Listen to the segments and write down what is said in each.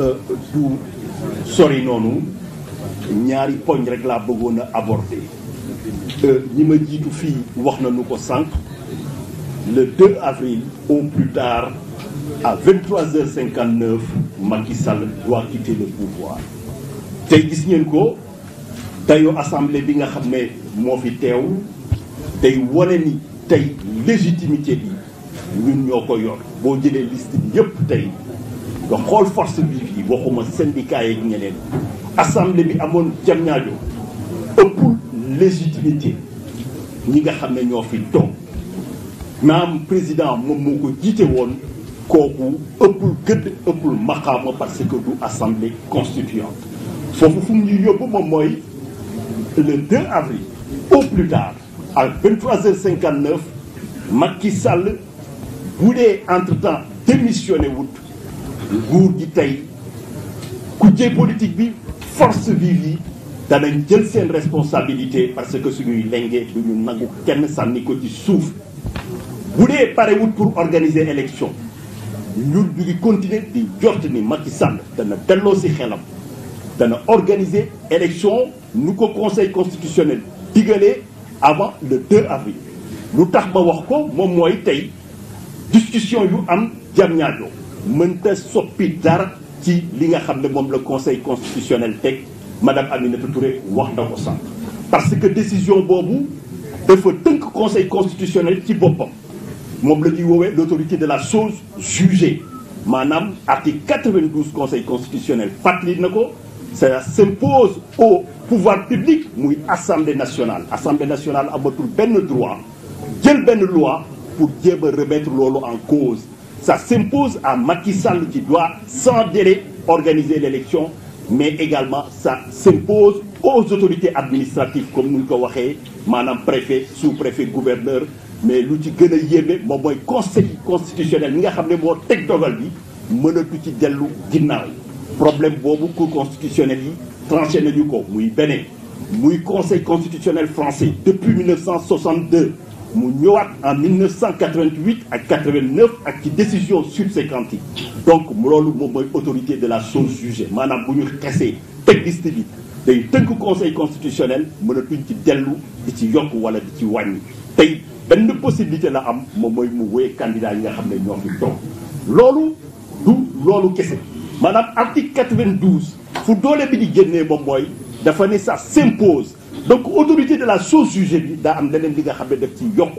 Euh, du sori noonu ñaari poñ rek laa bëggoon a aborder euh, ñi ma jiitu fii wax na nu ko sànq le 2 avril au plus tard à 23h59 Macky Sall doit quitter le pouvoir tey gis ngeen ko dayo assemblée bi nga xam ne moo fi teew tey wane ni tey légitimité bi ñun ñoo ko yor boo jëlee liste bi yépp tey nga xool force bi waxuma syndicat yeeg ñeneen assemblée bi amoon jam ñaajo ëppul légitimité ñi nga xam ne ñoo fi toog naam président moom moo ko jiite woon kooku ëppul gëdd ëppul maqaama parce que du assemblée constituante foofu fu mu yóbbu moom mooy le 2 avril au plus tard à 23h59 Macky Sall bu dee entre temps démissionné wut nguur gi tey kujje politique bi force vive yi danañ jël seen responsabilité parce que suñuy lenge du ñu nangu kenn sànni ko ci suuf bu dee parewut pour organiser élection ñun ñu ngi continuer di jot ni Macky sànn dana delloo si xelam dana organiser élection nu ko conseil constitutionnel digalee avant le 2 avril lu tax ma wax ko moom mooy tey discussion yu am jam ñaajoo mënta soppi dara ci li nga xam ne moom la conseil constitutionnel teg madame Aminata Touré wax na ko sànq parce que décision boobu dafa tënk conseil constitutionnel ci boppam moom la ñuy woowee l' autorité de la chose jugée maanaam article 92 conseil constitutionnel fàttali na ko ça s'impose au pouvoir public muy assemblée nationale assemblée nationale amatul benn droit jël benn loi pour jéem a remettre loolu en cause Ça s'impose à Macky Sall qui doit sans délai organiser l'élection mais également ça s'impose aux autorités administratives comme ni ñu ko waxee maanaam préfet sous-préfet gouverneur mais lu ci gën a yéeme moom mooy conseil constitutionnel mi nga xam ne moo teg dogal bi mënatu ci dellu ginnaaw problème boobu cour constitutionnelle yi tranché nañu ko muy beneen muy conseil constitutionnel français depuis 1962 mu ñëwaat en 1988 ak 89 ak ci décision subséquente yi donc loolu moom mooy autorité de la chose jugée maanaam bu ñu xesee teg liste bi day tënk conseil constitutionnel mënatuñ ci dellu di ci yokk wala di ci wàññi tey benn possibilité la am moom mooy mu wéy candidat yi nga xam ne ñoo fi toog loolu du loolu kese maanaam article 92 fu doole bi di génnee moom mooy dafa ne ça s'impose donc autorité de la chose jugée bi daa am leneen li nga xam ne daf ci yokk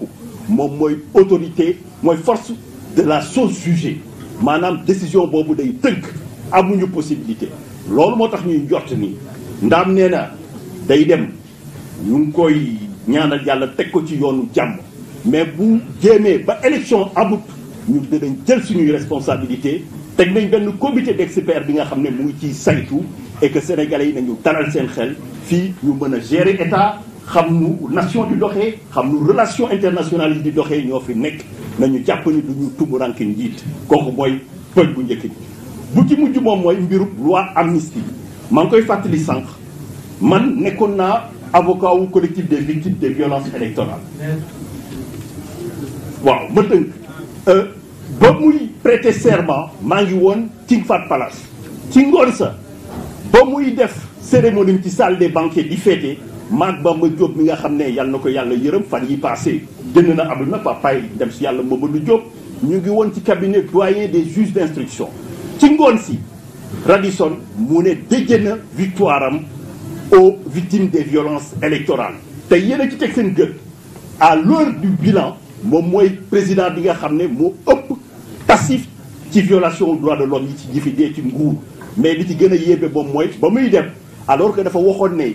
moom mooy autorité mooy force de la chose jugée maanaam décision boobu day tënk amuñu possibilité loolu moo tax ñuy njort nii ndaam nee na day dem ñu ngi koy ñaanal yàlla teg ko ci yoonu jàmm mais bu jéemee ba élection amut ñu dinañ jël suñuy responsabilité teg nañ benn comité d'experts bi nga xam ne mu ngi ciy saytu et que yi nañu dalal seen xel fii ñu mën a gérer état xam nu nation di doxee xam nu relation internationale yi di doxee ñoo fi nekk nañu jàpp ni du ñu tumuranke njiit kooku mooy pëj bu njëkk bi bu ci mujj moom mooy mbiru loi amnistie maa ngi koy fàttali sànq man nekkoon naa avocat wu collectif des victimes des violences électorales waaw ma euh, ba muy prêter serment maa ngi woon King Fahd Palace ci ngoon sa ba muy def cérémonie ci salle des banquets di féete maag Bamba Diop mi nga xam ne yàlla na ko yàlla yërëm fan yi passé génn na àdduna papaay dem si yàlla Mamadou Diop ñu ngi woon ci cabinet doyen des juges d'instruction ci ngoon si Radisson mu ne dëjë na victoire am aux victimes des violences électorales te yéen a ci teg seen gën à l'heure du bilan moom mooy président bi nga xam ne moo ëpp passif ci violation droit de l'homme yi ci jëfi dee ci nguur mais li ci gën a yéebe moom mooy ba muy dem alors que dafa waxoon ne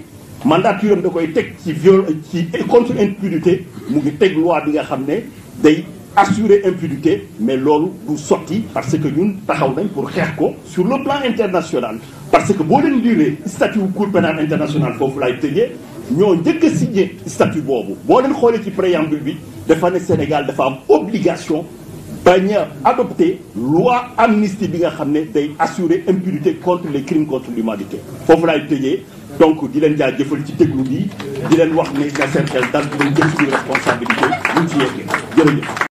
mandature am da koy teg ci viol ci contre impunité mu ngi teg loi bi nga xam ne day assurer impunité mais loolu du sotti parce que ñun taxaw nañ pour xeex ko sur le plan international parce que boo leen liiree statut cour pénal international foofu laay tëjee ñoo njëkk a signé statut boobu boo leen xoolee ci préambule bi dafa ne Sénégal dafa am obligation bañ a adopté loi amnistie bi nga xam ne day assurer impunité contre les crimes contre l'humanité foofu laay tëjee donc di leen jëfal ci déglu bi di leen wax ni na seen xel dal di leen jël suñu responsabilité buñ ci yeggee jërëjëf